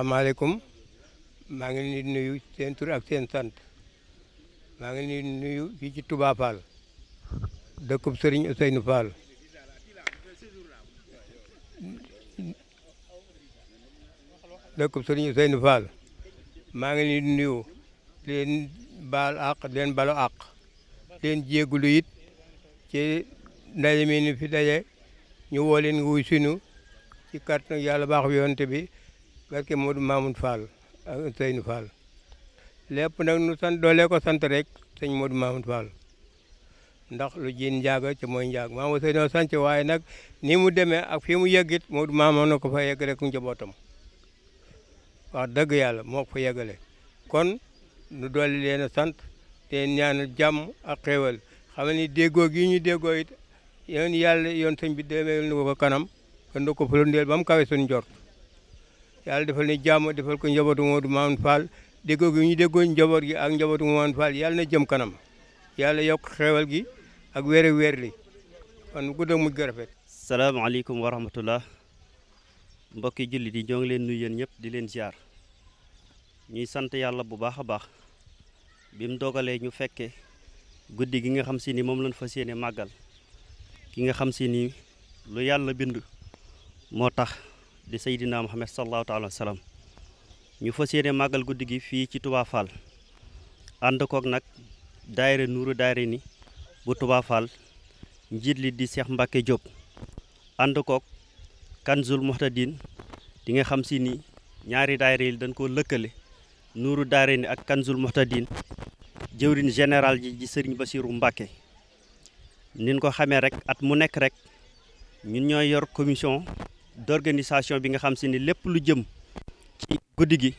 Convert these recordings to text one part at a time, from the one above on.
asalaamaaleykum maa ngi leen di nuyu seen tur ak seen sant maa ngi leen di nuyu fii ci Touba Fall dëkkub Serigne Ousseynou Fall dëkkub Serigne Ousseynou Fall maa ngi leen di nuyu leen baal àq leen balo àq leen jéegulu it ci ndaje mi ni fi daje ñu woo leen wuy sinu ci kàttan yàlla baax bi yonte bi barke Modou Mamoun Fall ak Seynou Fall lépp nag nu sant doolee ko sant rek sëñ Modou Mamoun Fall ndax lu jiin njaaga ci mooy njaag maam Seynou sant waaye nag ni mu demee ak fi mu yëggit Modou Mamoun na ko fa yegg rek njabootam wax dëgg yàlla moo ko fa yeggale kon nu doole leen sant te ñaanal jàmm ak xéewal xam ni déggoo gii ñu déggoo it yoon yàlla yoon sëñ bi demee nu ko kanam kon nu ko fulundeel ba mu kawe suñu jor yàlla defal ne jàmm defal ko njabootu Modou Mamoune Fall déggoo gi ñu déggoo njaboot gi ak njabootu Mamoune Fall yàlla na jëm kanam yàlla yokk xeewal gi ak wéere weer li kon gudda mujj ga rafet salaamaaleykum wa rahmatullah mbokki jullit di ñoo leen nuyu yéen ñëpp di leen ziar ñuy sant yàlla bu baax a baax bi mu dogalee ñu fekke guddi gi nga xam si ni moom lañ fa yéene màggal ki nga xam si ni lu yàlla bind moo tax di Seydina Muhammad sallallahu taala wa ñu fa yéene màggal guddi gi fii ci tubaafal Fall ànd nag daayira nuuru daayira ni bu tubaafal njiit li di Cheikh Mbacke Diop ànd koog Kanzul Muhtadin di nga xam si ni ñaari daayira yi dañ koo lëkkale nuuru daayira ni ak Kanzul Muhtadin jëwrin général ji ji sëriñ Basiru Mbacke nin ko xamee rek at mu nekk rek ñun ñoo yor commission d'organisation bi nga xam si ni lépp lu jëm ci guddi gi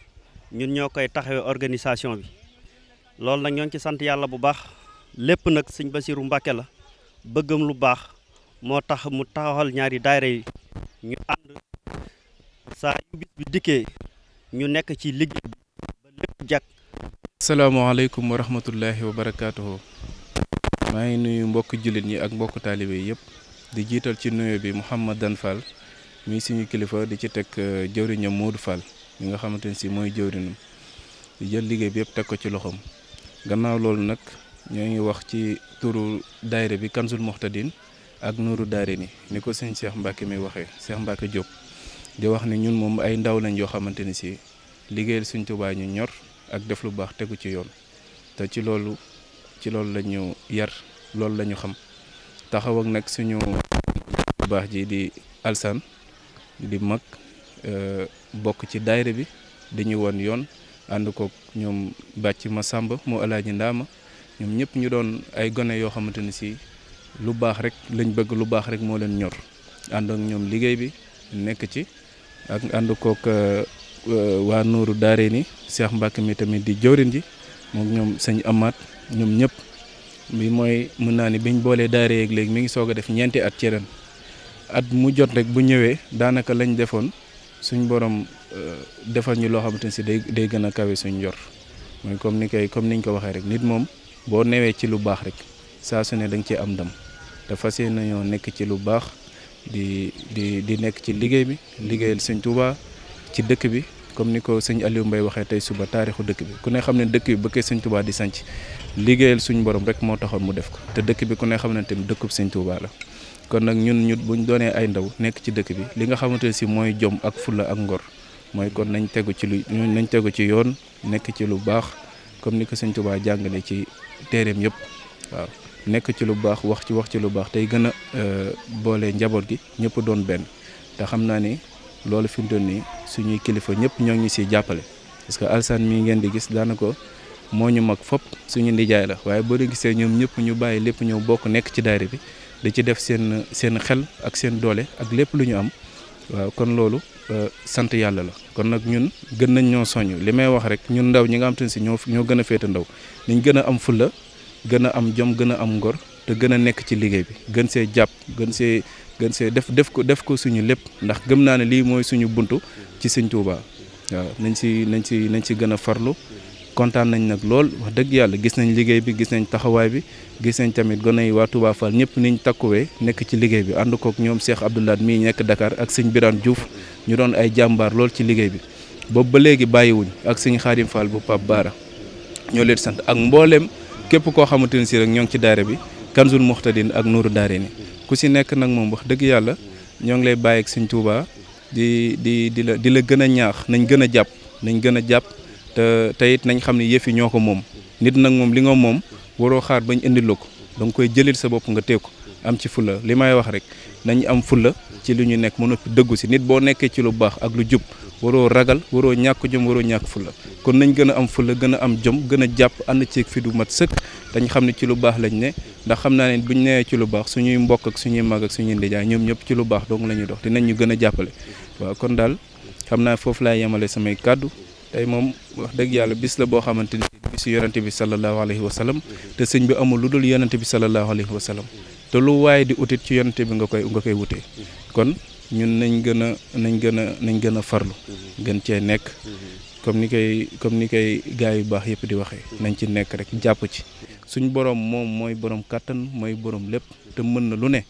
ñun ñoo koy taxawee organisation bi loolu nag ñoo ngi ci sant yàlla bu baax lépp nag sëñ Basiru Mbàkke la bëggam lu baax moo tax mu taxawal ñaari daayira yi ñu ànd saa yu bi dikkee ñu nekk ci liggéey bi ba lépp jàkk asalaamaaleykum wa rahmatullahi wa barakaatuhu maa ngi nuyu mbokk jullit ñi ak mbokk taalibe yëpp di jiital ci nuyo bi Mouhamed Dan Fall muy suñu kilifa di ci teg euh, jëwriñam Modou Fall mi nga xamante ne si mooy jëwriñam di jël liggéey bi yëpp teg ko ci loxoom gannaaw loolu nag ñoo ngi wax ci turu daayira bi Kanzul Moxtadin ak Nuuru Daarayni ni ko sëñ Cheikh Mbacke mi waxee Cheikh Mbacke Diop di wax ni ñun moom ay ndaw lañ yoo xamante ni si liggéeyal suñ Tuubaa ñu ñor ak def lu baax tegu ci yoon te ci loolu ci loolu la ñu yar loolu lañu xam taxaw ak nag suñu baax ji di alsan di mag euh, bokk ci daayira bi dañuy woon yoon ànd kook ñoom bàcc ma sàmba moo alaaji ndaama ñoom ñëpp ñu doon ay gone yoo xamante ni si lu baax rek lañ bëgg lu baax rek moo leen ñor ànd ak ñoom liggéey bi nekk ci ak ànd kook euh, euh, waa Nuuru Daare ni Cheikh Mbacke mi tamit di jëwrin ji moom ñoom sañ Amaat ñoom ñëpp bi mooy mun naa ni biñ boolee daare yeeg léegi mu ngi soog def ñeenti at ci at mu jot rek bu ñëwee daanaka lañ defoon suñ borom euh, defal ñu loo xamante ne si day day gën a kawe suñ njor mooy comme ni koy comme niñ ko waxee rek nit moom boo newee ci lu baax rek saa su ne da nga cee am ndam dafa fas yéene nañoo nekk ci lu baax di di di nekk ci liggéey bi liggéeyal sëñ Touba ci dëkk bi comme ni ko sëñ Aliou mbay waxee tey suba taarixu dëkk bi ku ne xam ne dëkk bi ba koy di sanc liggéeyal suñ borom rek moo taxoon mu def ko te dëkk bi ku ne xam ne tamit dëkkub sëñ Touba la kon nag ñun ñu buñ doonee ay ndaw nekk ci dëkk bi li nga xamante ne si mooy jom ak fulla ak ngor mooy kon nañ tegu ci lu nañ tegu ci yoon nekk ci lu baax comme ni ko sëñ Tuubaa jàngale ci téereem yëpp waaw nekk ci lu baax wax ci wax ci lu baax tey gën a euh, boole njaboot gi ñëpp doon benn te xam naa ni loolu fi mu doon nii suñuy kilifa ñëpp ñoo ngi siy jàppale parce que alsaan mii ngeen di gis daanaka moo ñu mag fop suñu nijaay la waaye boo gisee ñoom ñëpp ñu bàyyi lépp ñëw bokk nekk ci daayira bi da ci def seen seen xel ak seen doole ak lépp lu ñu am waaw kon loolu euh, sant yàlla la kon nag ñun gën nañ ñoo soññ li may wax rek ñun ndaw ñi nga xam te si ñoo ñoo gën a féete ndaw niñ gën a am fulla gën a am jom gën a am ngor te gën a nekk ci liggéey bi gën see jàpp gën see gën see def def ko def ko suñu lépp ndax gëm naa ne lii mooy suñu buntu ci Sëñ Tuubaa waaw nañ si nañ si nañ si gën a farlu kontaan nañ nag lool wax dëgg yàlla gis nañ liggéey bi gis nañ taxawaay bi gis nañ tamit gone yi waa Touba Fall ni ñu takkuwee nekk ci liggéey bi ànd kook ñoom Cheikh Abdou Lahad mii nekk Dakar ak sëñ Birane Diouf ñu doon ay jàmbaar lool ci liggéey bi boobu ba léegi bàyyiwuñ ak sëñ Xaadim Fall bu Pape Baara ñoo leen sant ak mbooleem képp koo xamante ne si rek ñoo ngi ci daare bi Kanzul Muhtadin ak Nuuru ni ku si nekk nag moom wax dëgg yàlla ñoo ngi lay bàyyi ak sëñ di di di la di la gën a ñaax nañ gën a jàpp nañ gën a jàpp te te it nañ xam ne yëf yi ñoo ko moom nit nag moom li nga moom waroo xaar bañ indil la ko da koy jëlil sa bopp nga ko am ci fulla li may wax rek nañ am fulla ci lu ñu nekk mën a dëggu si nit boo nekkee ci lu baax ak lu jub waroo ragal waroo ñàkk jom waroo ñàkk fulla kon nañ gën a am fulla gën a am jom gën a jàpp ànd ceeg fi du mat sëkk dañ xam ne ci lu baax lañ ne ndax xam naa ne ñu newee ci lu baax suñuy mbokk su suñuy mag ak suñuy ndijaay ñoom ñëpp ci lu baax dong la ñuy dox dinañ gën a jàppale waaw kon xam naa foofu laay yemale samay kàddu tey moom wax dëgg yàlla bis la boo xamante ni su yonente bi sallallahu alayhi wa sallam te sëñ bi amul lu dul yonente bi sallallahu alayhi wa sallam te lu waaye di utit ci yonente bi nga koy nga koy wutee kon ñun nañ gën a nañ gën a nañ gën a farlu gën cee nekk comme ni koy comme ni koy gars yu baax yëpp di waxee nañ ci nekk rek jàpp ci suñ borom moom mooy borom kàttan mooy borom lépp te mën na lu ne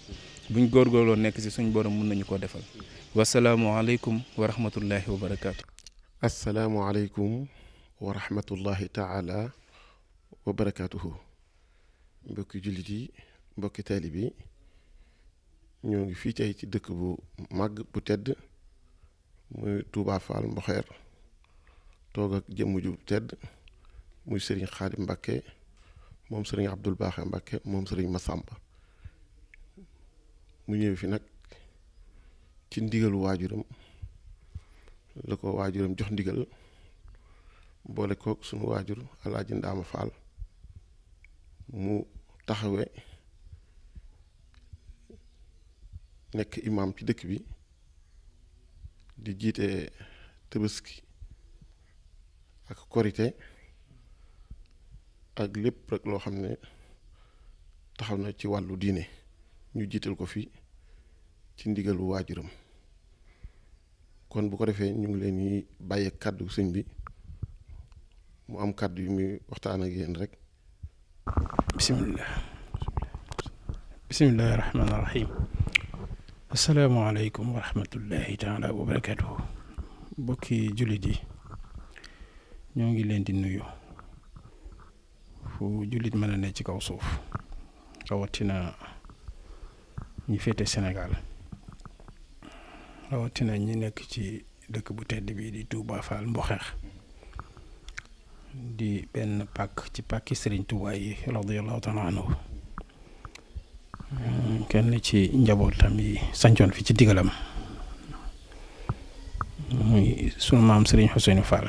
buñ góorgóorloo nekk si suñ borom mën nañu koo defal wasalaamualeykum wa rahmatullahi wa barakaatu. asalaamualeykum wa rahmatullahi taala wa barakaatuhu mbokki jullit yi mbokki taalib ñoo ngi fii tey ci dëkk bu màgg bu tedd muy Touba Fall Mboxeer toog ak jëmm ju tedd muy sëriñ Xaadim Mbàkke moom sëriñ Abdul Baaxe Mbàkke moom sëriñ Masamba mu ñëw fi nag ci ndigalu waajuram la ko waajuram jox ndigal boole koog sunu waajur alaaji Ndaama Faal mu taxawe nekk imaam ci dëkk bi di jiite tëbaski ak korite ak lépp rek loo xam ne taxaw na ci wàllu diine ñu jiital ko fii ci ndigalu waajuram kon bu ko defee ñu ngi leen di bàyyee kàddu sëñ bi mu am kàddu yu muy waxtaan ak yéen rek bisimilah bisimilahi rahmaani rahim asalaamaaleykum wa rahmatullahi taala wa barakatuhu mbokki jullit yi ñoo ngi leen di nuyu fu jullit mën a ne ci kaw suuf rawatina ñi féete senegal rawatina ñi nekk ci dëkk bu tedd bi di Touba Fall Mboxeex di benn pàkk ci pàkki Serigne Touba yi radiyallahu taala anhu mm, kenn ci njabootam yi sancoon fi ci digalam muy sunu maam Serigne Ousseynou Fall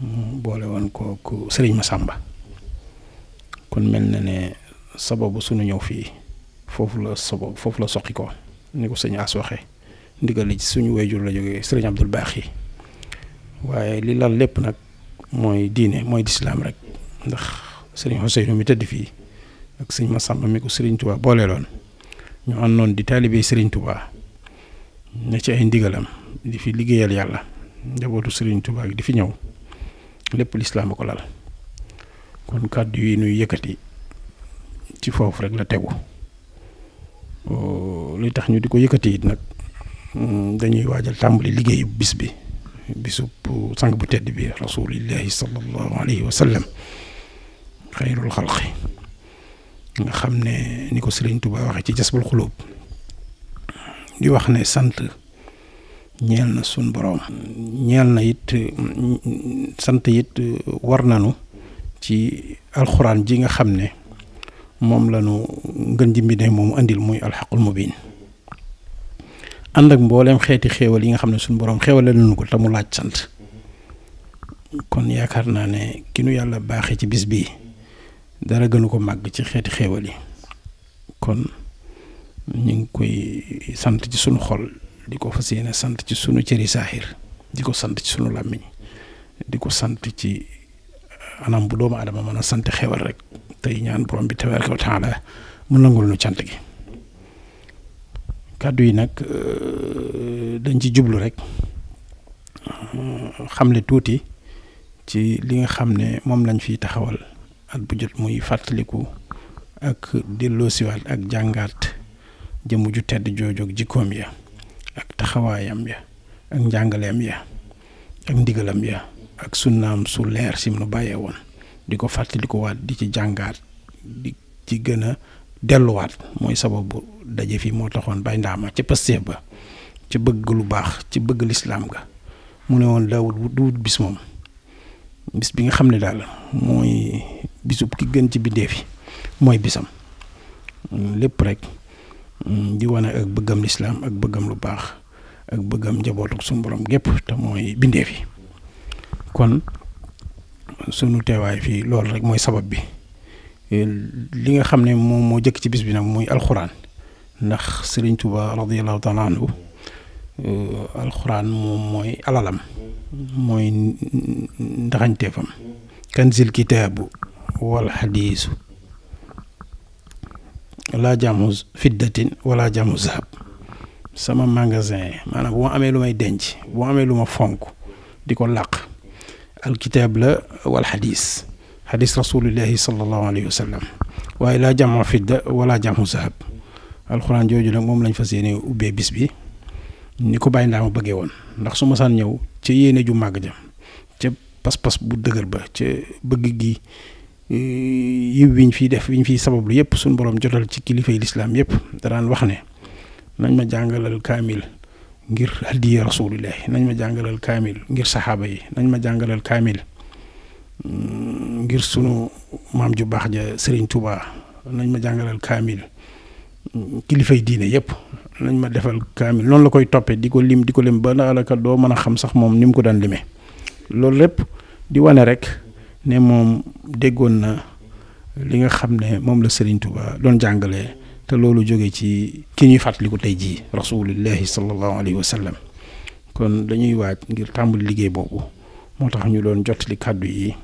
mu mm, boole woon kooku ma sàmba kon mel na ne sababu sunu ñëw fii foofu la sababu la soqi ni ko sëñ As waxee ndigal li ci suñu wayjur la jógee sëriñ Abdul Baax yi waaye li lan lépp nag mooy diine mooy lislaam rek ndax sëriñ Ousseynou mi tëdd fii ak sëñ Massamba mi ko sëriñ Touba booleeloon ñu àndoon di taalibe sëriñ Touba ne ci ay ndigalam di liggéeyal yàlla njabootu sëriñ tubaa di fi ñëw lépp lislaam a ko lal kon kàddu yi nuy yëkkati ci foofu rek la tegu. Euh, li tax ñu di ko yëkkati yit nag mm, dañuy waajal tàmbali liggéeyu bis bi bisub sang bu tedd bi rasulillahi sallallahu alayhi wa sallam xayrul xalqi nga xam ne ni ko Sëriñ ba waxee ci jasbul xulóob di wax ne sant ñeel na sun boroom ñeel na it mm, sant it war nanu ci alxuraan ji nga xam ne moom la ñu ngën jimbi ne moomu indil muy alxaqul mubin ànd ak mbooleem xeeti xéewal yi nga xam ne suñu boroom xéewale nañu ko tamu laaj sant kon yaakaar naa ne ki nu yàlla baaxee ci bis bii dara gënu ko màgg ci xeeti xéewal yi kon ñu ngi koy sant ci sunu xol di ko fas yéene sant ci suñu cëri saaxir di ko sant ci suñu làmmiñ di ko sant ci anam bu doomu adama mën a sant xéewal rek tey ñaan borom bi tabaaraka wa taala mu nangul nu cant gi kàddu yi nag euh, dañ ci jublu rek euh, xam ne tuuti ci li nga xam ne moom lañ fiy taxawal ak bu jot muy fàttaliku ak delloosiwaat ak jàngaat jëmu ju tedd joojoog jikkoom ya ak taxawaayam ya ak njàngaleem ya ak ndigalam ya ak sunnaam su leer sim nu bàyyee woon di ko fàttalikuwaat di ci jàngaat di ci gën a delluwaat mooy sababu daje fi moo taxoon bay ndaama ca Pastef ba ci bëgg lu baax ci bëgg lislaam ga mu ne woon daawut du wut bis moom bis bi nga xam ne daal mooy bisu ki gën ci bindee fi mooy bisam lépp rek mm, di wane ak bëggam lislaam ak bëggam lu baax ak bëggam njabootu suñu borom gépp te mooy bindee kon sunu teewaay fii loolu rek mooy sabab bi eh, li nga xam ne moom moo jëkk ci bis bi nag muy alxuraan ndax Sëriñ Tuuba radiyallahu taala anhu eh, alxuraan moom mooy alalam mooy ndaxañteefam kanzil kitaabu wal xadiisu laa jaamu fiddatin wala jaamu zahab sama magasin maanaam bu ma amee lu may denc bu ma amee lu ma fonk di ko làq alkitaab la wal xadis xadis rasulillahi sallallahu alayhi wa waaye laa jàmmu fidda wala jàmmu zahab alxuraan jooju nag moom lañ fa yéene ubbee bis bi ni ko bàyyi ndaa ma bëggee woon ndax su ma saan ñëw ca yéene ju màgg ja ca pas-pas bu dëgër ba ca bëgg gi e, yiw wiñ fiy def wiñ fiy sabablu yëpp suñu borom jotal ci kilifay lislaam yëpp daraan wax ne nañ ma jàngalal kaamil ngir hadiya rasulillahi nañ ma jàngalal kaamil ngir saxaaba yi nañ ma jàngalal kaamil mm, ngir sunu maam ju baax ja sëriñ tubaa nañ ma jàngalal kaamil mm, kilifay diine yëpp nañ ma defal kaamil noonu la koy toppee di ko lim di ko lim ba naa daanaka doo mën a xam sax moom ni mu ko daan limee loolu lépp di wane rek ne moom déggoon na li nga xam ne moom la Serigne Touba doon jàngalee. te loolu jóge ci ki ñuy fàttaliku tey jii rasulillahi sallallahu alayhi wa sallam kon dañuy waaj ngir tàmbali liggéey boobu moo tax ñu doon jottali kàddu yi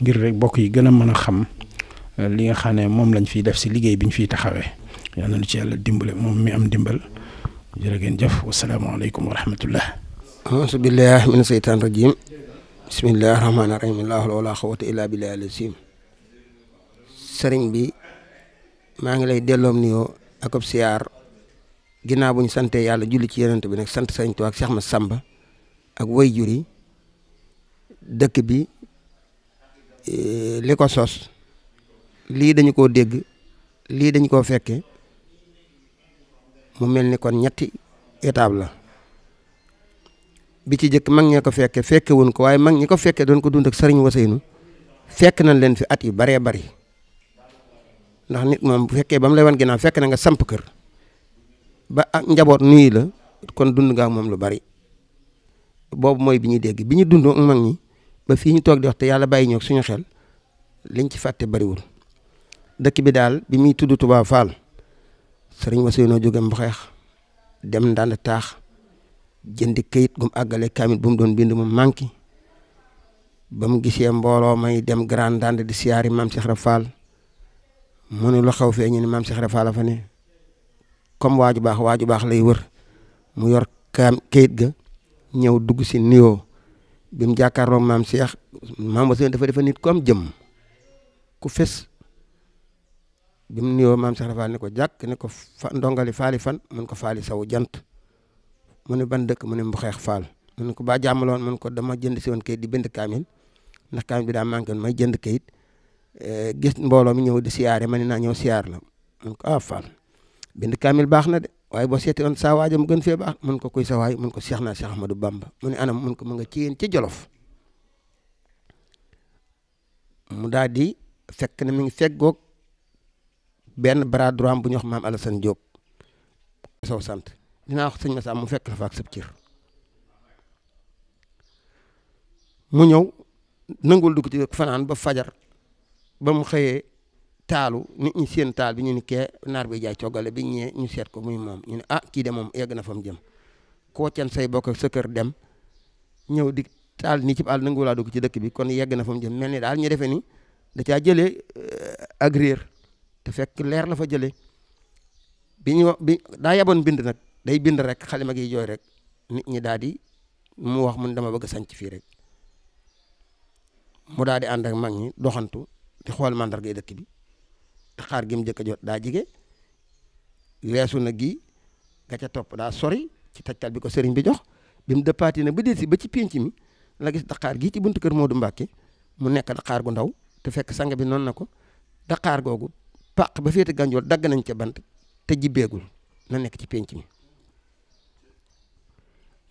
ngir rek bokk yi gën a mën a xam euh, li nga xam ne moom lañ fiy def si liggéey bi ñu fiy taxawee yal na lu ci yàlla dimbale moom mi am dimbal jërë ngeen jëf wasalaamaaleykum wa rahmatullah auzu billahi mina seytaan rajim bismillahi rahmaani rahim la hawla wala quwwata illa billahi al-azim sëriñ bi maa ngi lay delloom nuyoo ak ab siyaar ginnaaw bu ñu sante yàlla julli ci yonent bi nag sant Sëriñ Tuubaa ak Cheikh Ahmad Samba ak wayjur yi dëkk bi e, li ko sos lii dañu ko dégg lii dañu koo fekke mu mel ni kon ñetti étape la bi ci jëkk mag ñee ko fekke fekke wuñ ko waaye mag ñi ko fekke doon ko dund ak sëriñ Waseynu fekk nañ leen fi at yu baree bari ndax nit moom bu fekkee ba mu lay wan gi ginnaaw fekk na nga samp kër ba ak njaboot nuyu la kon dund nga moom lu bari boobu mooy bi ñuy dégg bi ñu dund ak mag ñi ba fii ñu toog di wax te yàlla bàyyi ñoo suñu xel liñ ci fàtte bariwul dëkk bi daal bi muy tudd Touba Fall sëriñ Wassou noo jóge dem ndànd taax jëndi kayit gum àggale kaamit bu mu doon bind mu manqué ba mu gisee mbooloo may dem grand ndànd di siyaari maam Cheikh Ibra Fall mu ne lu xaw fee ñu ne maam Cheikh Rafaala fa ne waaju baax waaju baax lay wër mu yor kaam kayit ga ñëw dugg si nuyoo bi mu jàkkaarloo maam Cheikh maam Ousseynou dafa defa nit ku jëm ku fes bi mu nuyoo maam Cheikh Rafaala ne ko jàkk ne ko fan ndongali faali fan mun ko faali saw jant mu ne ban dëkk mu ne mbuxeex faal mun ne ko baa jàmmaloon mu ne ko dama jënd si woon kayit di bind kaamil ndax kaamil bi daa manqué woon may jënd kayit Eh, gis mbooloo mi ñëw di siyaare ma ne naa ñëw siyaar na mun ko a ah, Fall bind kaamil baax na de waaye boo seeti woon saa waajam gën fee baax mun ko kuy sa waay mun ko Seex naa Seex Ahmadou Bamba mu ne anam mun ko mu nga ci yéen ci Jolof mu daal fekk na mi ngi feggoog benn bras droit bu ñu wax maam jóob Diop sow sant dinaa wax sëñ Massa mu fekk la fa ak sëb cër mu ñëw nangul dugg ci fanaan ba fajar ba mu xëyee taalu nit ñi seen taal bi ñu ni kee naar bi jaay coggale bi ñee ñu seet ko muy moom ñu ne a ah, kii de moom yegg na fa mu jëm koo can say bokk sa kër dem ñëw di taal nii ci àll nanguwulaa dugg ci dëkk bi kon yegg na fa mu jëm ni daal ñu defee da caa jëlee euh, ak réer te fekk leer la fa jëlee bi ñu bi daa yaboon bind nag day bind rek xale ma gi jooy rek nit ñi daal di mu wax mun dama bëgg a sanc fii rek mu daal di ànd mag ñi doxantu di xool mandargay dëkk bi te xaar gi mu njëkk a jot daa jige weesu na gi ga ca topp daa sori ci tajtal bi ko sëriñ bi jox bi mu dëppaati na ba delsi ba ci pénc mi la gis daqaar gii ci buntu kër Modou Mbacke mu nekk daqaar gu ndaw te fekk sang bi noonu na ko daqaar googu paq ba féete gànjool dagg nañ ca bant te jibbeegul na nekk ci pénc mi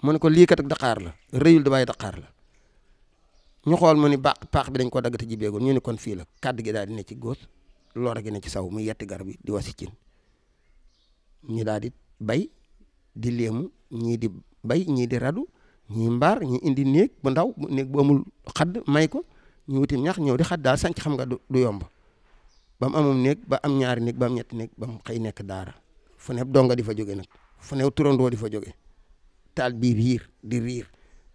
mu ne ko lii kat daqaar la rëyul da bàyyi daqaar la ñu xool mu ni baax paax bi dañ ko dagg te jibeegul ñu ni kon fii la kàdd gi daal di ne ci góos gi ne ci saw muy yetti garab yi di wasi cin ñu daal di bay di léemu ñii di bay ñii di radu ñii mbaar ñii indi néeg bu ndaw néeg bu amul xadd may ko ñu wutim ñax ñëw di xadd daal sanc xam nga du yomb ba mu amum néeg ba am ñaari néeg bam ñetti néeg ba mu xëy nekk daara fu ne donga di fa joge nag fu ne turandoo di fa jóge taal bi riir di riir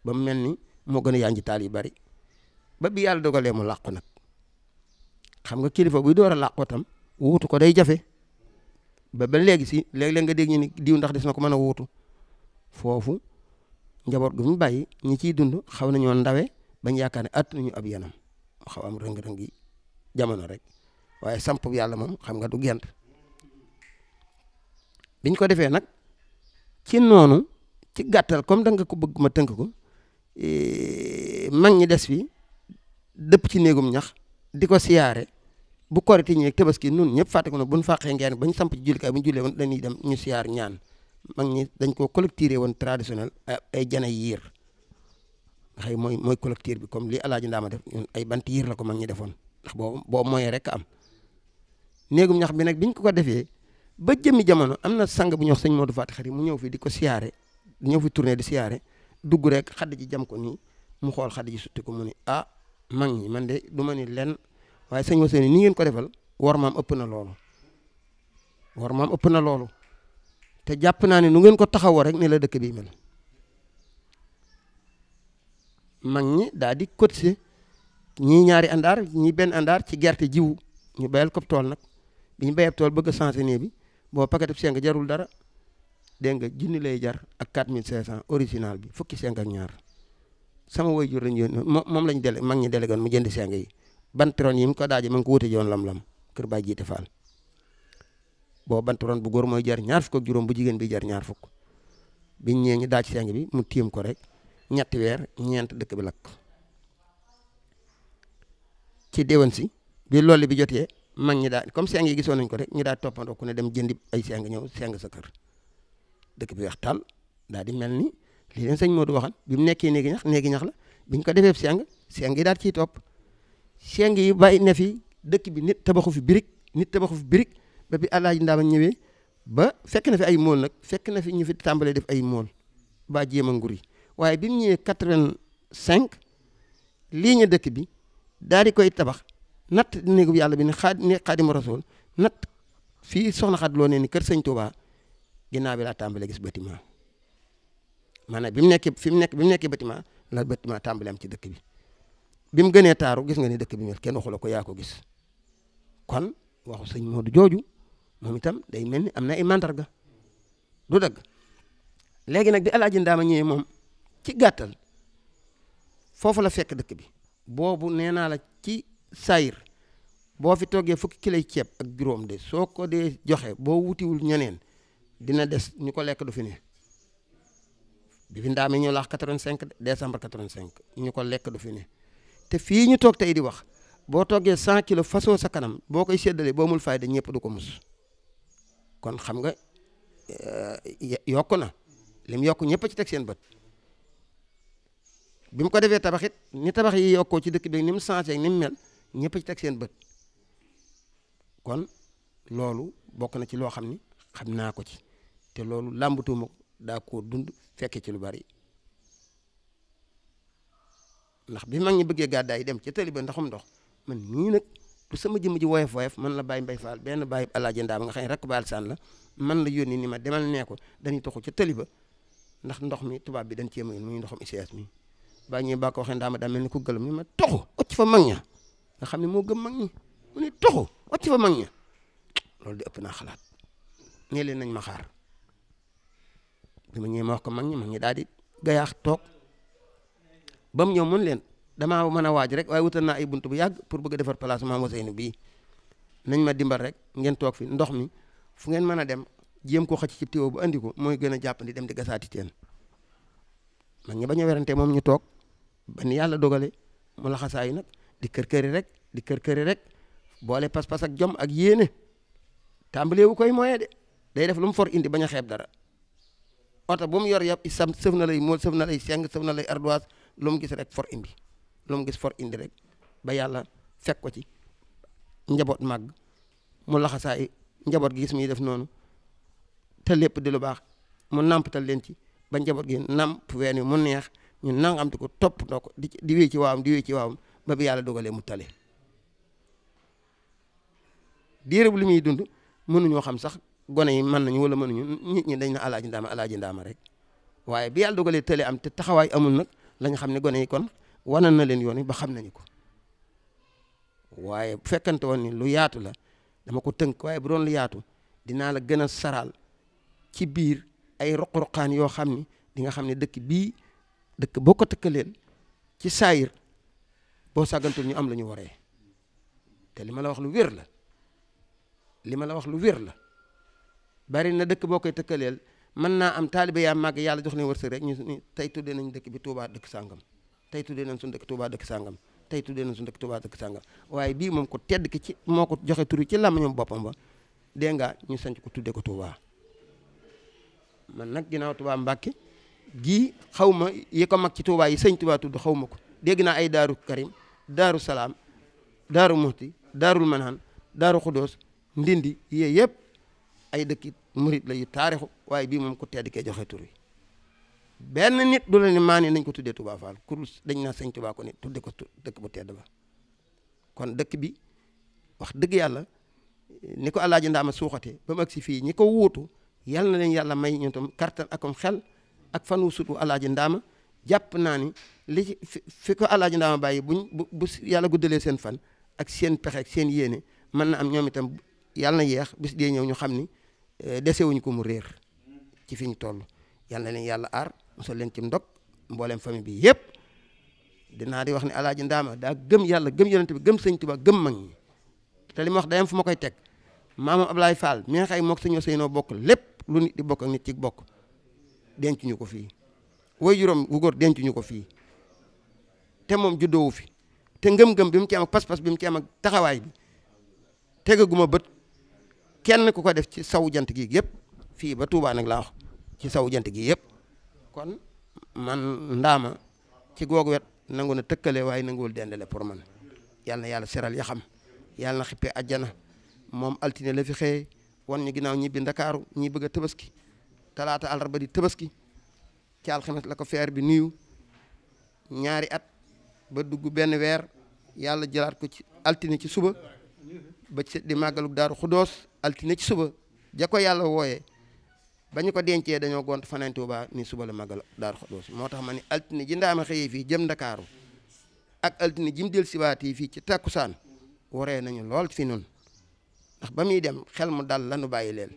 ba mel ni moo gën a yaa ngi taal yu bari ba bi yàlla dogalee mu làqu nag xam nga kilifa buy door a làqu tam wuutu ko day jafe ba ba léegi si léeg-léeg nga dégg ñu ni diw ndax des na ko mën a wuutu foofu njaboot gu mu bàyyi ñi ciy dund xaw nañoo ndawe bañ yaakaar ne at nañu ab yenam mu xaw am rëng-rëng yi jamono rek waaye samp yàlla moom xam nga du gent biñ ko defee nag ci noonu ci gàttal comme da nga ko bëgg ma tënk ko eh, mag ñi des fi dëpp ci néegum ñax di ko siyaare bu korite ñeeg tabaski nun ñëpp fàtte ko nag bu ñu fàqee ngeen bañ samp ci jullikaay bu jullee woon dañuy dem ñu siyaar ñaan mag ñi dañ ko collectiré woon traditionnel ay jana yiir xëy mooy mooy collecteur bi comme li alaaji ndaama def ñun ay bant yiir la ko mag ñi defoon ndax boobu mooy rek am néegum ñax bi nag biñ ko ko defee ba jëmmi jamono am na sang bu ñuy sañ moo Modou Faty Khary mu ñëw fi di ko siyaare ñëw fi tournée di siyaare dugg rek xadd ji jam ko nii mu xool xadd ji sutti ko mu ni mag ñi man de du ma ni lenn waaye sëñ Ousseynou ni ngeen ko defal war maam ëpp na loolu war maam ëpp na loolu te jàpp naa ne nu ngeen ko taxawoo rek ne la dëkk bi mel mag ñi daa di cotiser ñii ñaari andaar ñii benn àndaar ci gerte jiwu ñu bayal ko tool nag bi ñu bayal tool bëgg a changé bi boo paquet seng jarul dara dégg nga junni lay jar ak 4500 original bi fukki seng ak ñaar. sama waajur lañ yónni moom lañ dele mag ñi délégué woon mu jënd seng yi bantiroon yi mu ko daaje ma ngi ko wute joon lam-lam kër Baay Jiite Faal boo bantiroon bu góor mooy jar ñaar fukk ak juróom bu jigéen bi jar ñaar fukk biñ ñëwee ñu daaj seng bi mu tiim ko rek ñetti weer ñeent dëkk bi lakk ci déwén si bi loolu bi jotee mag ñi daal comme seng yi gisoon nañ ko rek ñu daal toppandoo ku ne dem jëndi ay seng ñëw seng sa kër dëkk bi weex tàll daa di mel ni li leen sëñ Modou waxal bi mu nekkee néegi ñax néegi ñax la bi biñ ko defee seng seng yi daal ciy topp seng yi bàyyi ne fi dëkk bi nit tabaxu fi birig nit tabaxu fi birig ba bi Alaaji Ndaama ñëwee ba fekk na fi ay mool nag fekk na fi ñu fi tàmbalee def ay mool ba jéem ma ngur yi waaye bi mu ñëwee quatre-vingt-cinq lii ñu dëkk bi daal di koy tabax natt néegu yàlla bi ne xaad ne xaadimu rasul fii soxna xat loo ne ni kër sëñ Touba ginnaaw bi laa tàmbalee gis bâtiment maanaam bi mu nekkee fi mu nekk bi nekkee bâtiment la bâtiment tàmbali am ci dëkk bi bi mu gënee taaru gis nga ni dëkk bi mel kenn waxu ko yaa ko gis kon waxu sëñ Modou jooju moom itam day mel ni am na ay ga du dëgg léegi nag bi alaaji ndaama ñëwee moom ci gàttal foofu la fekk dëkk bi boobu nee naa la ci sayir boo fi toggee fukki kilay ceeb ak juróom de soo ko dee joxe boo wutiwul ñeneen dina des ñu ko lekk du fi ne bi fi ndaam yi ñu laax 85 décembre 85 ñu ko lekk du fi ne te fii ñu toog tey di wax boo toggee cent kilo façon sa kanam boo koy séddalee boo mul fayda ñëpp du ko mus kon xam nga eh, yokk na lim yokk ñëpp ci teg seen bët bi mu ko defee tabax it ni tabax yi yokkoo ci dëkk bi ni mu changé ni mu mel ñëpp ci teg seen bët kon loolu bokk na ci loo xam ni xam naa ko ci te loolu làmbatuuma daa ko dund fekke ci lu bari ndax bi mag ñi bëggee gàddaay dem ca tali ba ndaxum ndox man nii nag du sama jëmm ji woyof woyof man la bàyyi mbay faal benn bàyyi alaaji ndaam nga xam ne rakk baal saan la man la yónni ni ma demal nee ko dañuy toxu ca tali ba ndax ndox mi tubaab bi dañ cee mayoon muy ndoxam ICS mi baa ñuy baa ko waxee ndaama daa mel ni ko gëlëm ni ma toxu occ fa mag ña nga xam ne moo gëm mag ñi mu ne toxu occ fa mag ña loolu di ëpp naa xalaat leen nañ ma xaar bi ma ñëwee ma wax ko mag ñi mag ñi daal di gayaax toog ba mu ñëw mun leen damaa mën a waaj rek waaye wutal naa ay bunt bu yàgg pour bëgg a defar place Mame Ousseynou bii nañ ma dimbal rek ngeen toog fi ndox mi fu ngeen mën a dem jéem ko xëcc ci tiwo bu andi ko mooy gën a jàppandi dem di gasaati teen mag ñi bañ a werante moom ñu toog ba yàlla dogale mu la nag di kër këri rek di kër këri rek boole pas-pas ak jom ak yéene tàmbaleewu koy moye de day def lu mu for indi bañ a dara oto bu mu yor yëpp sam sëf na lay mool sëf na lay seng sëf na lay ardoise lu mu gis rek for indi lu gis for indi rek ba yàlla fekk ko ci njaboot màgg mu laxasaay njaboot gi gis muy def noonu te lépp di lu baax mu nàmpatal leen ci ba njaboot gi nàmp ween mu neex ñu nangamti ko topp noo ko di di wéy ci waawam di wéy ci waawam ba bi yàlla dogalee mu tale diire bu li muy dund mënuñoo xam sax gone yi mën nañu wala mënuñu nit ñi dañ na alaaji ndaama alaaji ndaama rek waaye bi yàlla dogalee tële am te taxawaay amul nag lañu xam ne gone yi kon wanan na leen yoon yi xam nañu ko waaye bu fekkante woon ni lu yaatu la dama ko tënk waaye bu doon lu yaatu dinaa la gën a saraal ci biir ay roq-roqaan yoo xam ni di xam ne dëkk bii dëkk boo ko tëkkaleel ci saayir boo sàggantul ñu am la ñu waree te li ma la wax lu wér la li ma la wax lu wér la bari na dëkk boo koy tëkkaleel mën naa am taalibe yaa màgg yàlla jox leen wërsëg rek ñu tey tuddee nañ dëkk bi Touba dëkk sàngam tey tuddee nañ suñu dëkk Touba dëkk sàngam tey tuddee nañ suñu dëkk Touba dëkk sàngam waaye bii moom ko tedd ki ci moo ko joxe turi ci làmmiñam boppam ba dégg nga ñu sanc ko tuddee ko Touba man nag ginnaaw Touba Mbàkke gii xaw ma yi ko mag ci Touba yi sëñ Touba tudd xaw ma ko dégg naa ay Daaru Karim Daaru Salaam Daaru Muxti Daarul Manaan Daaru Xudoos Ndindi yee yëpp ay dëkk murit la yu taarixu waaye bii moom ku tedd kee joxe tur benn nit du la ne maanaam nañ ko tuddee Touba Fall kur dañ naa sëñ Touba ko ne tudde ko dëkk bu tedd ba kon dëkk bi wax dëgg yàlla ni ko Alaaji Ndaama suuxatee ba mu si fii ñi ko wuutu yal na leen yàlla may ñun tam kartan akom xel ak fan wu sutu Alaaji Ndaama jàpp naa ni li fi ko Alaaji Ndaama bàyyi bu bu yàlla guddalee seen fan ak seen pexe ak seen yéene mën na am ñoom itam yàlla na yeex bis dee ñëw ñu xam ni eh, desewuñu ko mu réer ci fi ñu toll yàlla na leen yàlla aar musal leen ci ndog mboolem famille bi yëpp dinaa di wax ne alaaji ndaama daa gëm yàlla gëm yonent bi gëm sëñ Tuubaa gëm mag ñi te li mu wax dayam fu ma koy teg maamam Ablaye Fall mi nga xay mook sëñoo sëynoo bokk lépp lu nit di bokk ak nit ci bokk denc ñu ko fii way juróom wu denc ñu ko fii te moom juddoowu fi te ngëm gëm bi mu ci am ak pas-pas bi mu ci am ak taxawaay kenn ku ko def ci saw jant gi yëpp fii ba Touba la laa ci saw jant gi yëpp kon man ndaama ci googu wet nangu na tëkkale waaye nanguwul dendale pour man yàlla na yàlla seral ya xam yàlla na xippee ajjana moom altine la fi xëye wan ñu ginaaw ñibbi ndakaaru ñi bëgg a tabaski talaata ba di tabaski ci alxames la ko feer bi nuyu ñaari at ba dugg benn weer yàlla jëlaat ko ci altine ci suba ba ci di màggalu daaru xudoos altine ci suba ja ko yàlla wooye ba ñu ko dencee dañoo gont fanaan Tuuba ni suba la màggal daaru xudoos moo tax ma ni altine ji ndaama xëyee fii jëm ndakaaru ak altine ji mu del siwaat yi fii ci takkusaan waree nañu lool fi nun ndax ba muy dem xel mu dal lanu bàyyi leen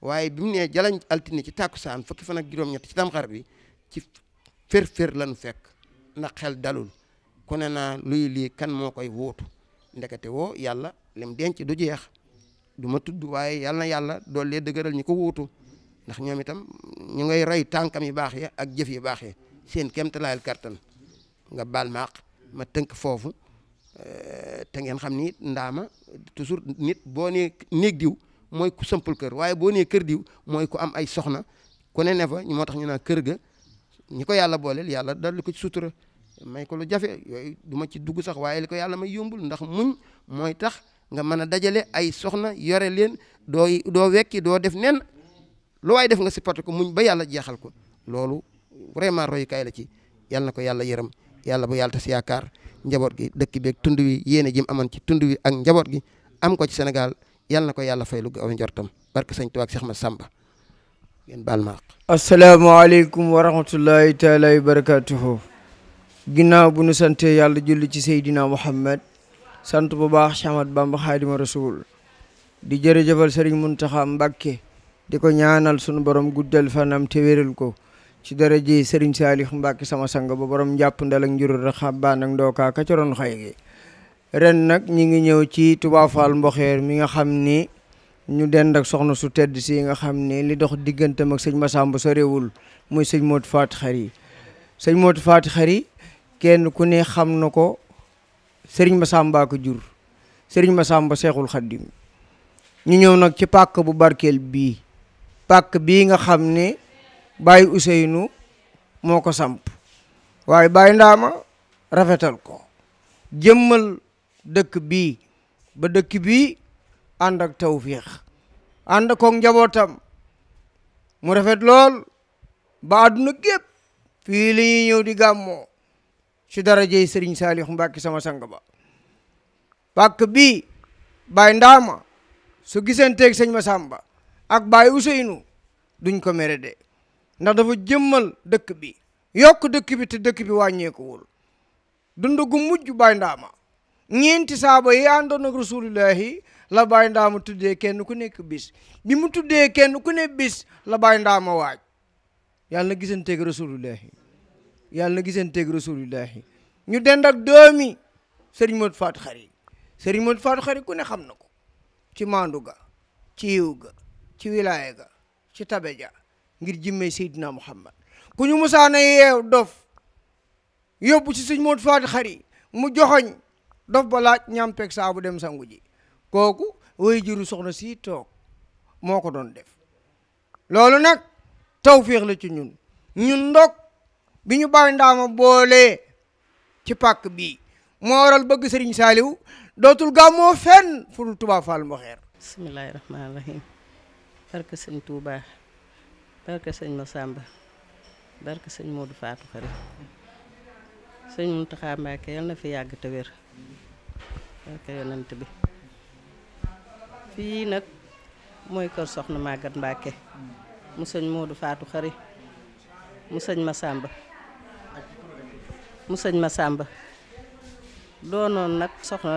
waaye bi mu nee jalañ altine ci tàkku saan fukki fan ak juróom-ñett ci tamxar bi ci fër-fër lanu fekk ndax xel dalul ku ne naa luy lii kan moo koy wóotu ndekete yàlla lim denc du jeex du ma tudd waaye yàlla na yàlla doole dëgëral ñi ko wuutu ndax ñoom itam ñu ngay roy tànkam yu baax ya ak jëf yu baax ya seen kéemtalaayal kartan nga baal ma ma tënk foofu eh, te ngeen xam ni ndaama toujours nit boo nee néeg diw mooy ku sampul kër waaye boo nee kër diw mooy ku am ay soxna ku ne ne fa moo tax ñu naa kër ga ñi ko yàlla booleel yàlla dal ko ci sutura may ko lu jafe yooyu ci dugg sax waaye li ko yàlla may yomb ndax nga mën a dajale ay soxna yore leen doo doo wekki doo def nen lu waay def nga supporté ko muñ ba yàlla jeexal ko loolu vraiment royukaay la ci yàlla na ko yàlla yërëm yàlla bu yàlla tas yakar njaboot gi dëkk beeg tund wi yéene jëm amoon ci tund wi ak njaboot gi am ko ci Sénégal yàlla na ko yàlla fay lu gaaw njortam barke sëñ Tuubaa ak Cheikh Samba ngeen baal ma asalaamaaleykum wa rahmatullahi taala barakatuhu ginnaaw bu sante yàlla julli ci Seydina Muhammad sant bu baax Cheikh Ahmad Bamba Xaadimu Rasuul di jërëjëfal Serigne Mountakha Mbacké di ko ñaanal sunu borom guddal fanam te wéral ko ci daraje Serigne Saliou Mbacké sama sang ba borom njàpp ndal ak njurul rek xabbaan ak xay ren nag ñi ngi ñëw ci Touba Fall Mboxeer mi nga xam ni ñu dend ak soxna su tedd si nga xam ni li dox diggantam ak sëñ Massamba sorewul muy sëñ Modou Faty Khary sëñ Modou Faty Khary kenn ku ne xam na ko sëriñ Masamba ko jur sëriñ Masamba seexul xaddim ñu ñëw nag ci pàkk bu barkeel bii pàkk bii nga xam ne Baye Ousseynou moo ko samp waaye Baye ma rafetal ko jëmmal dëkk bii ba dëkk bii ànd ak tawféex ànd koog njabootam mu rafet lool ba àdduna gépp fii li ñuy ñëw di gàmmoo ci darajey sëriñ Saalix Mbàkke sama sanga ba pàkk bii baay ndaama su gisanteeg sëñ Masamba ak baay Useynu duñ ko mere de ndax dafa jëmmal dëkk bi yokk dëkk bi te dëkk bi wàññeekuwul dund gu mujj baay ndaama ñeenti saaba yi àndoon ak rasulillahi la baay ndaama tuddee kenn ku nekk bis bi mu tuddee kenn ku ne bis la baay ndaama waaj yàlla na gisanteeg rasulillahi yàlla na giseen teeg rasulillahi ñu dend ak doomi sëriñ Modou Fatou Khary sëriñ Modou Fatou Khary ku ne xam na ko ci maandu ga ci yiw ga ci wilaaya ga ci tabe ja ngir jimmee Seydina Muhammad ku ñu musaana yeew dof yóbbu ci sëriñ Modou Fatou Khary mu joxoñ dof ba laaj ñampeeg saabu dem sangu ji kooku way juru soxna si moo ko doon def loolu nag tawféex la ci ñun ñun ndok bi ñu bàyyi ndaama boolee ci pàkk bi moo waral bëgg sëriñ saaliw dootul gàmmoo fenn fu dul Touba Fall Mboxeer bismillaahi barke sëñ Touba barke sëñ Masamba barke sëñ Modou Fatou Fari sëñ Mountakha Mbacké yal na fi yàgg te wér barke yonent bi fii nag mooy kër soxna Maguette Mbacké mu sëñ Modou faatu Xari mu sëñ ma sàmba mu sëñ ma sàmba doonoon nag soxna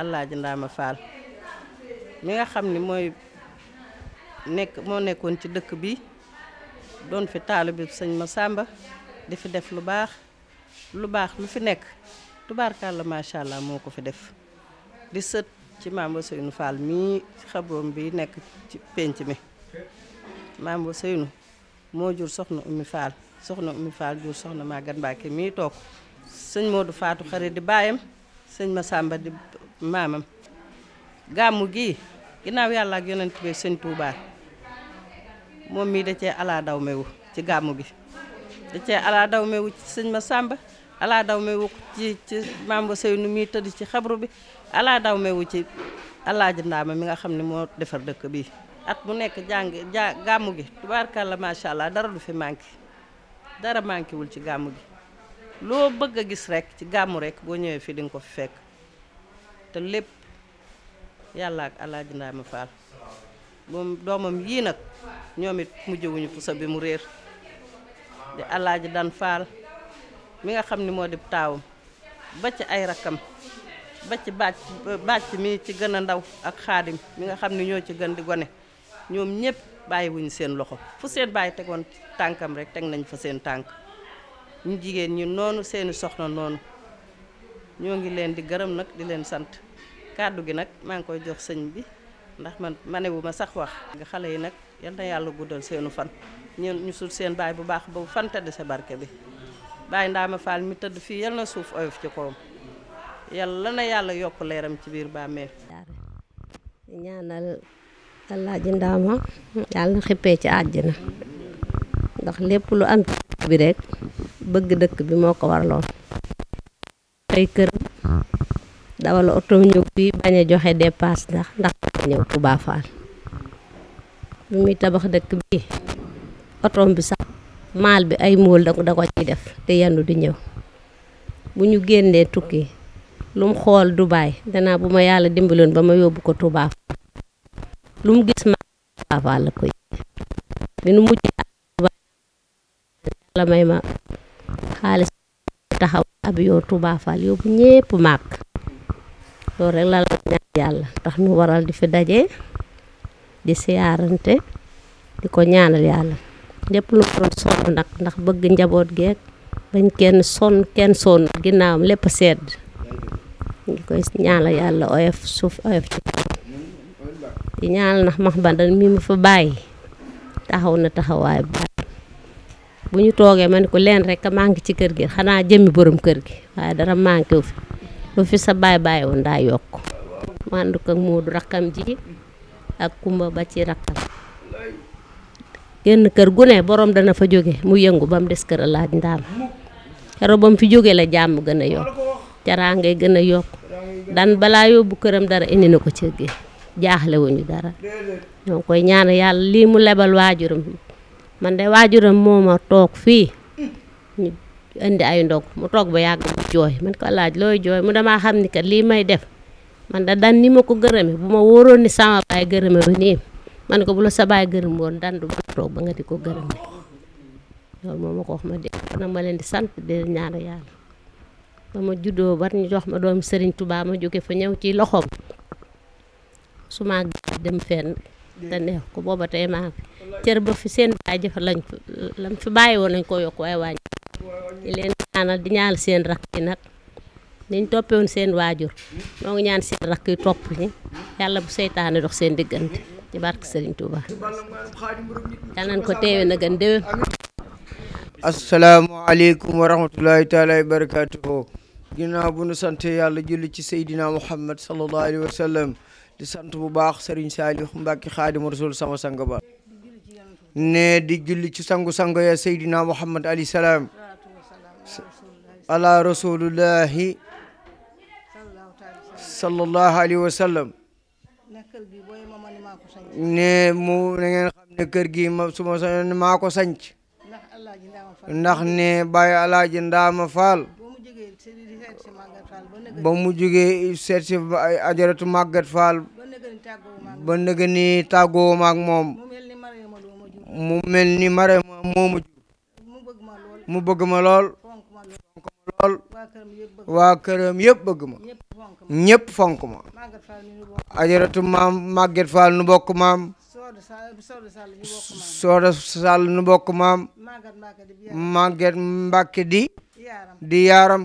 Alaaji ma Faal mi nga xam ni mooy nekk moo nekkoon ci dëkk bi doon fi taalibe sëñ ma sàmba di fi def lu baax lu baax lu fi nekk tubaarkàlla macha allah moo ko fi def di sët ci maam Ousseynou Fall mii xaboom bi nekk ci pénc mi maam Ousseynou moo jur soxna Oumy Fall soxna Oumy Fall Diouf soxna Maguette Mbacke mii toog sëñ du faatu Xare di baayam sëñ Massamba di maamam gàmmu gii ginnaaw yàlla ak yonent bi sëñ Touba moom mii da cee alaa daw mewu ci gàmmu gi da cee alaa daw mewu ci sëñ Massamba alaa daw mewu ci ci Mame Seynu mii tëdd ci xabru bi alaa daw mewu ci alaaji Ndaama mi nga xam ne moo defar dëkk bii at mu nekk jàng ja gàmmu gi tubaarkàlla macha allah dara du fi manqué dara manquéwul ci gàmmu gi loo bëgg a gis rekk ci gàmmu rekk boo ñëwee fii di nga ko fi fekk te lépp yàlla ak alaaji Ndaama Faal moom doomam yii nag ñoom it mujjewuñu pusa bi mu réer di alaaji Dan Faal mi nga xam ni moo di taawam ba ay rakkam ba ci bàcc bàcc mi ci gën a ndaw ak xaadim mi nga xam ni ñoo ci gën di gone ñoom ñëpp bàyyi wuñ seen loxo fu seen bàyyi tegoon tànkam rek teg nañ fa seen tànk ñu jigéen ñi noonu seeni soxna noonu ñoo ngi leen di gërëm nag di leen sant kàddu gi nag maa ngi koy jox sëñ bi ndax man manewu ma sax wax nga xale yi nag yal na yàlla guddal seenu fan ñun ñu suut seen baay bu baax boobu fan tëdd sa barke bi bàyyi ma faal mi tëdd fii yal na suuf oyof ci kawam yàlla na yàlla yokk leeram ci biir bàmmeel Alaaji Ndaama yàlla na xippee ci àjjana ndax lépp lu am ci bi rek bëgg dëkk bi moo ko waraloon tey këram dawal oto ñëw fii bañ a joxe dépasse ndax ndax ñëw Touba Fall muy tabax dëkk bi otoom bi sax maal bi ay móol da da ko ciy def te yendu di ñëw bu ñu génnee tukki lum xool Dubaay danaa bu ma yàlla dimbaloon ba ma yóbbu ko Touba lu mu gis ma faafaa la koy bi nu mujj yàlla may ma xaalis taxaw ab yoo Touba Fall yóbbu ñépp màkk loolu rek la la ñaan yàlla tax nu waral di fi daje di siyaarante di ko ñaanal yàlla lépp lu mu sonn nag ndax bëgg njaboot geek bañ kenn sonn kenn sonn ginnaawam lépp sedd ñu koy ñaanal yàlla oyof suuf oyof ci di ñaanal nax max bandal mi ma fa bàyyi taxaw na taxawaay bu bu ñu toogee ma ne ko leen rek a manqué ci kër gi xanaa jëmmi borom kër gi waaye dara manqué wu fi lu sa baay bàyyi woon daa yokk mu ànd ko Moodu rakkam ji ak Kumba ba ci rakkam génn kër gu ne borom dana fa jóge mu yëngu ba mu des kër laaj ndaam keroog ba fi jógee la jàmm gën a yokk jaraa gën a yokk daan balaa yóbbu këram dara indi na ko ci gi jaaxle wuñu dara ñoo koy ñaanal yàlla lii mu lebal waajuram man de waajuram moo ma toog fii ñu indi ay ndog mu toog ba yàgg bu jooy man ko laaj looy jooy mu damaa xam ni kat lii may def man da dan ni ma ko gërëme bu ma wóoroon ni sama baay gërëme ba nii man ko bu la sa baay gërëm woon ba nga di ko gërëme ma ko wax ma dégg nag ma leen di sant di ñaanal yàlla ba ma juddoo ba ñu jox ma doom sëriñ Touba ma jóge fa ñëw ci loxoom su ma dem fenn te neex ko booba tey maa fi ba fi seen baay jëf lañ lam fi bàyyi woon lañ ko yokk waaye wàññi di leen ñaanal di ñaanal seen rakk yi nag niñ toppee woon seen waajur moo ngi ñaan seen rakk yi topp ñi yàlla bu seytaane dox seen diggante ci barke Serigne Touba yal nañ ko teewee na gën déwén asalaamaaleykum wa rahmatulahi taala wa barakatuhu bu nu sante yàlla julli ci seydina muhammad sallallahu alayhi di bu baax Serigne Saliou Mbacke Xaadimu Rasul sama sang ba ne di julli ci sangu-sangu ya Seydina Muhammad alayhi salaam ala rasulullahi sallallahu alayhi ne mu ne kër gi ma suma sañoon maa ko sanc ndax ne Baye Alaaji Ndaama Faal ba mu jógee seet ajaratu Màggat Faal ba nëgë ni tàggoo ma ak moom mu mel ni mare ma mo jur mu bëgg ma lool fonk ma lool waa këram yëpp bëgg ma ñëpp fonk ma ajaratu maam màgget faal nu bokk maam sooda sàll nu bokk maam màgget mbàkke di di yaaram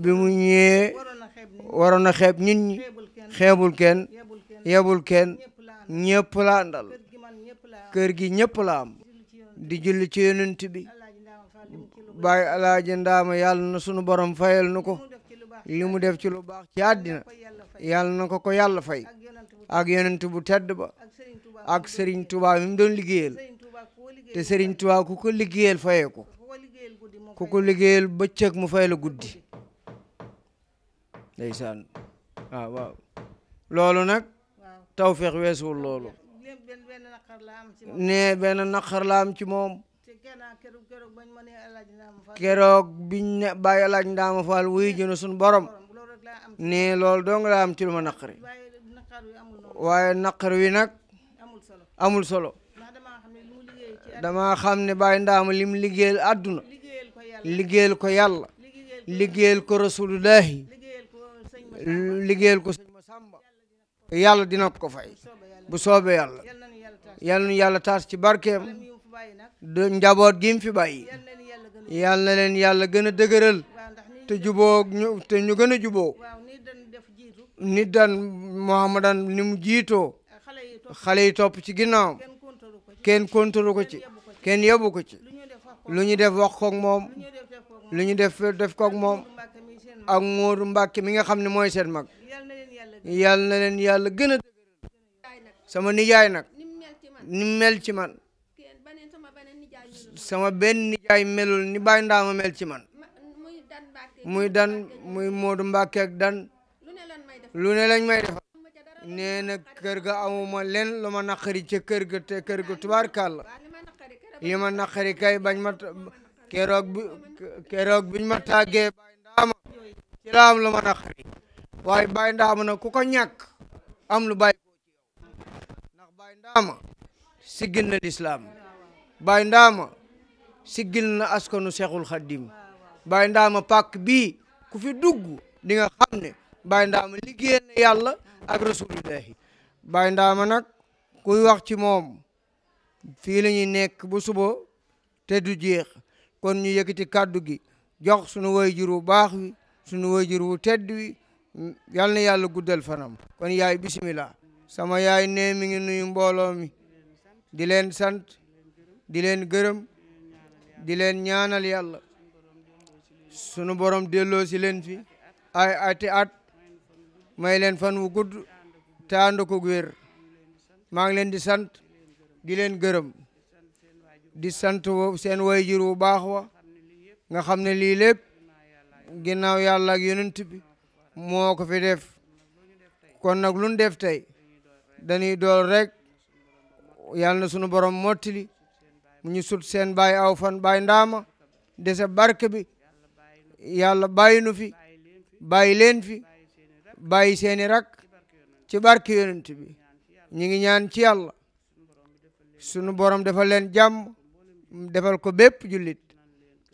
bi mu ñëwee waroon a xeeb nit ñi yebul kenn ñëpp la àndal kër gi ñëpp la di julli ci yonent bi baay alaaji ndaama yàlla na sunu borom fayal nu ko li def ci lu baax ci àddina yàlla na ko ko yàlla fay ak yonent bu tedd ba ak Serigne Touba mi doon liggéeyal te Serigne Touba ku ko liggéeyal fayee ko ku ko liggéeyal bëccëg mu fayla guddi loolu nag tawfeex weesu loolu ne benn naqar la ci moom keroog biñ ne bàyyi alaaj ndaama faal wuy jëna suñ borom ne loolu dong la am ci lu ma naqari waaye naqar wi nag amul solo dama xam ne bàyyi ndaama lim liggéeyal àdduna liggéeyal ko yàlla liggéeyal ko rasulullahi liggéeyal ko yàlla dina ko fay bu soobee yàlla yal na yàlla taas ci barkeem du njaboot gim fi bàyyi yal leen yàlla gën a dëgëral te juboo te ñu gën a juboo nit daan Muhammadan ni mu jiitoo xale yi topp ci ginnaawam kenn kontaru ko ci kenn yóbbu ko ci lu ñu def wax koog moom lu ñu def def koog moom ak Moodu Mbàkke mi nga xam ne mooy seen mag yàlla na leen yàlla gën a dëgëral sama nijaay nag ni mel ci man sama benn nijaay melul ni bàyyi ndaama mel ci man muy dan muy Moodu Mbàkke ak dan lu ne lañ may defal nee kër ga amuma leen lu ma naqari ca kër ga te kër ga tubaarkàlla li kay bañ ma keroog bi keroog biñ ma tàggee bàyyi la am lu ma waaye Baye Ndama nag ku ko ñàkk am lu bàyyi ko ci yow ndax Baye Ndama siggil na lislaam Baye ndaama siggil na askanu Seexul Xaddim Baye Ndama pàkk bii ku fi dugg di nga xam ne Baye Ndama liggéey na yàlla ak rasulillahi Baye Ndama nag kuy wax ci moom fii la ñuy nekk bu suba te du jeex kon ñu yëkkati kàddu gi jox sunu wayjur wu baax wi sunu wayjur wu tedd wi yal na yàlla guddal fanam kon yaay bisimilah sama yaay ne mi ngi nuyu mbooloo mi di leen sant di leen gërëm di leen ñaanal yàlla sunu borom delloosi leen fi ay ati at may leen fan wu gudd te ànd ko wér maa ngi leen di sant di leen gërëm di sant seen wayjur wu baax wa nga xam ne lii lépp ginnaaw yàlla ak yonent moo ko fi def kon nag lu def tey dañuy door rek yàlla na sunu borom mottili mu ñu sut seen baay aw bay baay ndaama dese barke bi yàlla bàyyi nu fi bàyyi leen fi seen seeni rak ci barke yonent bi ñu ngi ñaan ci yàlla sunu borom defal leen jàmm defal ko bépp jullit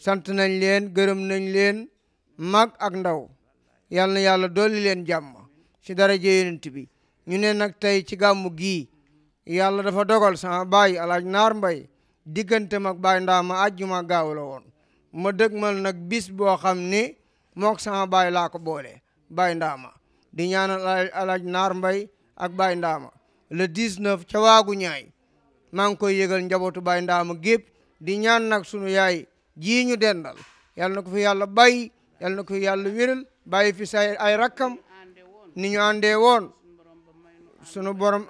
sant nañ leen gërëm nañ leen mag ak ndaw yal na yàlla dolli leen jàmm ci daraja yonent bi ñu ne nag tey ci gàmmu gii yàlla dafa dogal sama baay alaaj naar mbay diggante ak baay ndaa ma àjjuma gaaw la woon ma dëgmal nag bis boo xam ne mook sama baay laa ko boole baay ndaa ma di ñaanal alaaj naar mbay ak baay ndaa ma le 19 ca waagu ñaay maa ngi koy yëgal njabootu baay ndaa ma gépp di ñaan nag sunu yaay jii ñu dendal yàlla na ko fi yàlla bay yàlla na ko fi bàyyi fi say ay rakkam ni ñu àndee woon sunu borom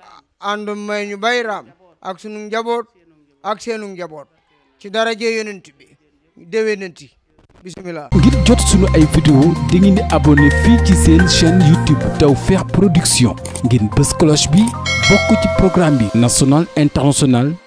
àndu may ñu bayraam ak sunu njaboot ak seenu njaboot ci daraje yonent bi déwénanti bismillah ngir jot sunu ay vidéo di ngeen di abonné fii ci seen chaîne YouTube Tawfekh Production ngeen bës cloche bi bokk ci programme bi national international